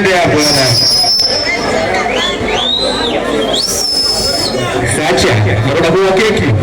de agora. Né? Sátia, é. agora tá bom aqui.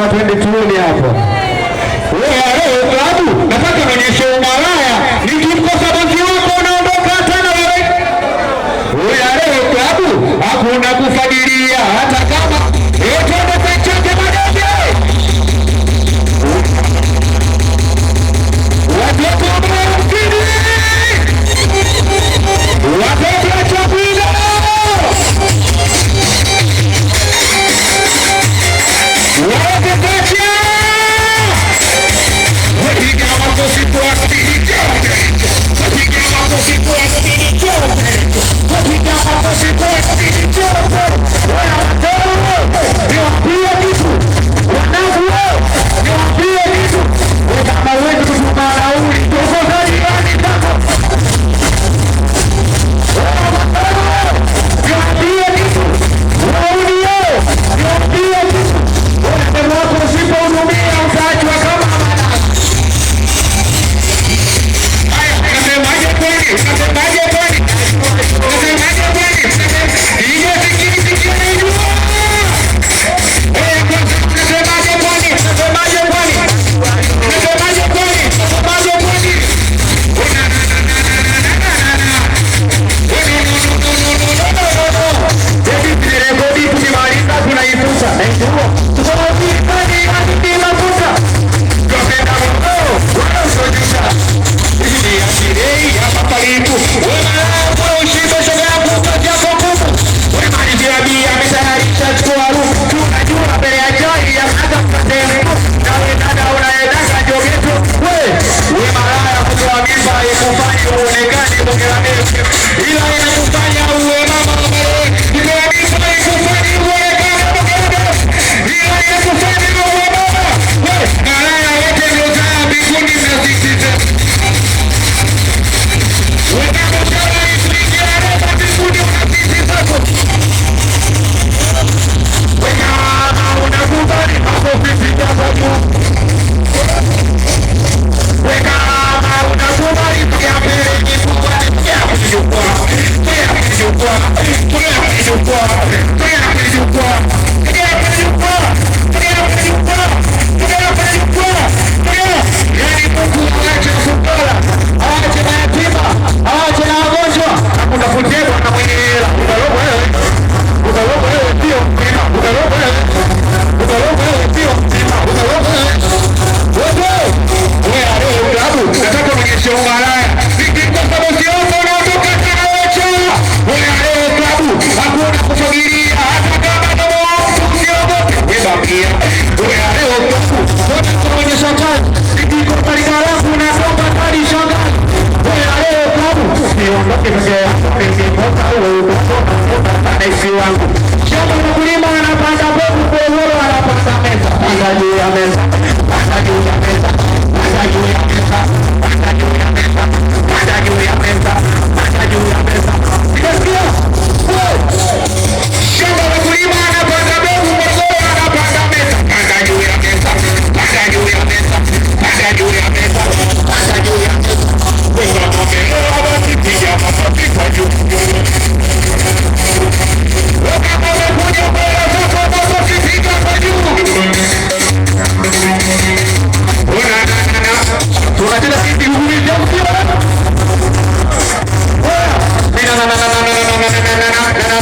kama twende tuone hapo. Wewe leo klabu, nataka nionyeshe umalaya, nikimkosa bosi wako unaondoka tena wewe. Wewe leo klabu, hakuna kufa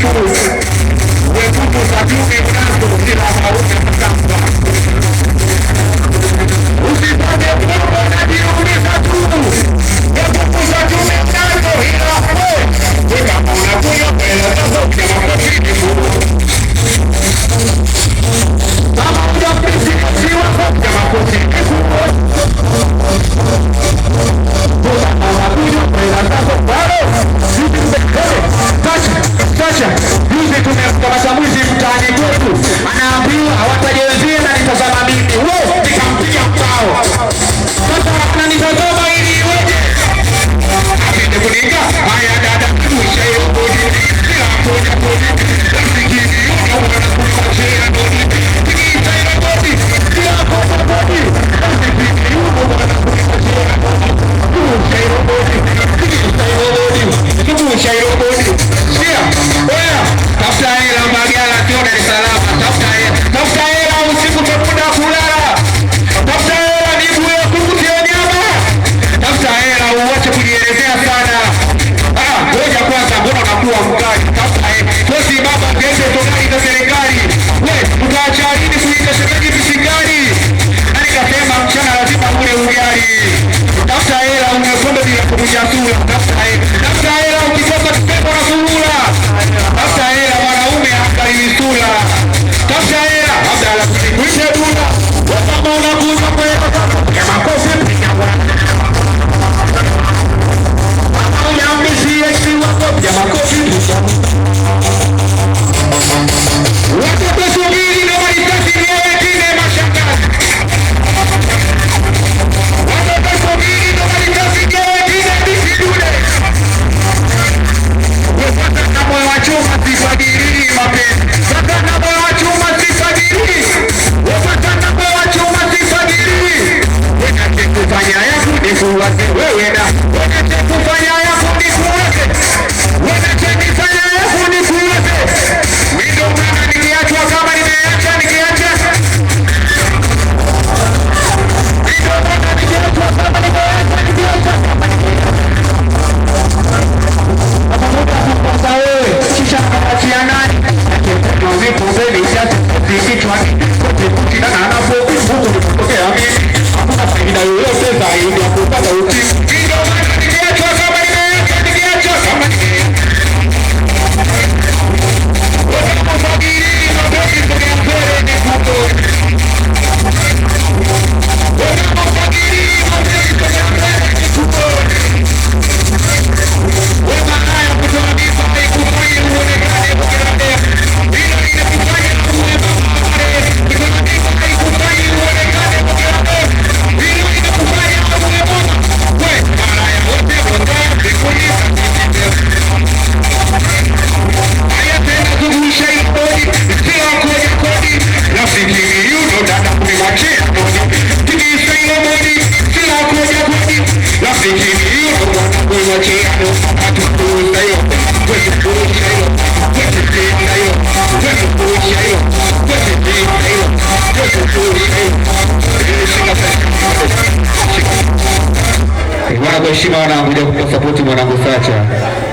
Thank you. are Don't be Heshima wanangu, kuja kusapoti mwanangu Sacha.